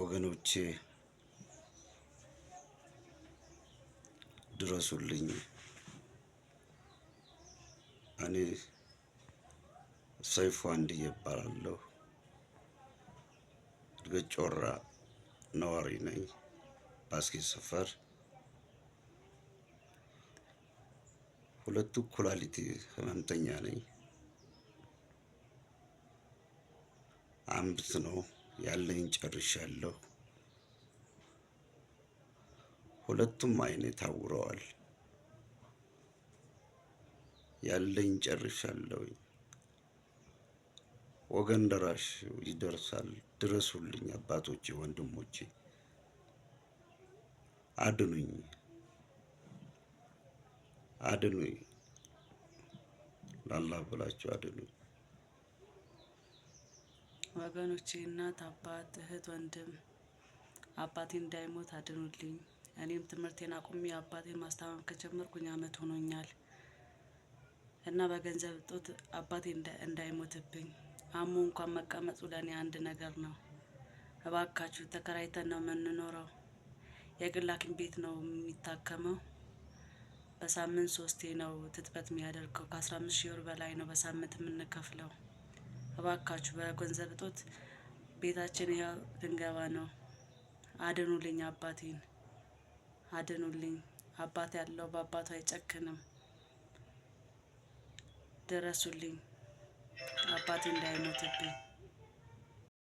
ወገኖቼ ድረሱልኝ። እኔ ሰይፉ አንድዬ እባላለሁ። እድገት ጮራ ነዋሪ ነኝ። ባስኬት ሰፈር ሁለቱ ኩላሊት ህመምተኛ ነኝ። አምስት ነው። ያለኝ ጨርሻለሁ። ሁለቱም አይኔ ታውረዋል። ያለኝ ጨርሻለሁ። ወገን ደራሽ ይደርሳል። ድረሱልኝ አባቶቼ፣ ወንድሞቼ አድኑኝ፣ አድኑኝ፣ ላላ ብላችሁ አድኑኝ። ወገኖቼ፣ እናት፣ አባት፣ እህት፣ ወንድም አባቴ እንዳይሞት አድኑልኝ። እኔም ትምህርቴን አቁሜ አባቴን ማስታመም ከጀመርኩኝ አመት ሆኖኛል እና በገንዘብ እጦት አባቴ እንዳይሞትብኝ አሞ እንኳን መቀመጡ ለእኔ አንድ ነገር ነው። እባካችሁ ተከራይተን ነው የምንኖረው። የግል ሐኪም ቤት ነው የሚታከመው። በሳምንት ሶስቴ ነው ትጥበት የሚያደርገው። ከአስራ አምስት ሺህ ብር በላይ ነው በሳምንት የምንከፍለው። እባካችሁ በገንዘብ እጦት ቤታችን ይኸው ልንገባ ነው። አድኑልኝ፣ አባቴን አድኑልኝ። አባት ያለው በአባቱ አይጨክንም። ድረሱልኝ፣ አባቴ እንዳይሞትብኝ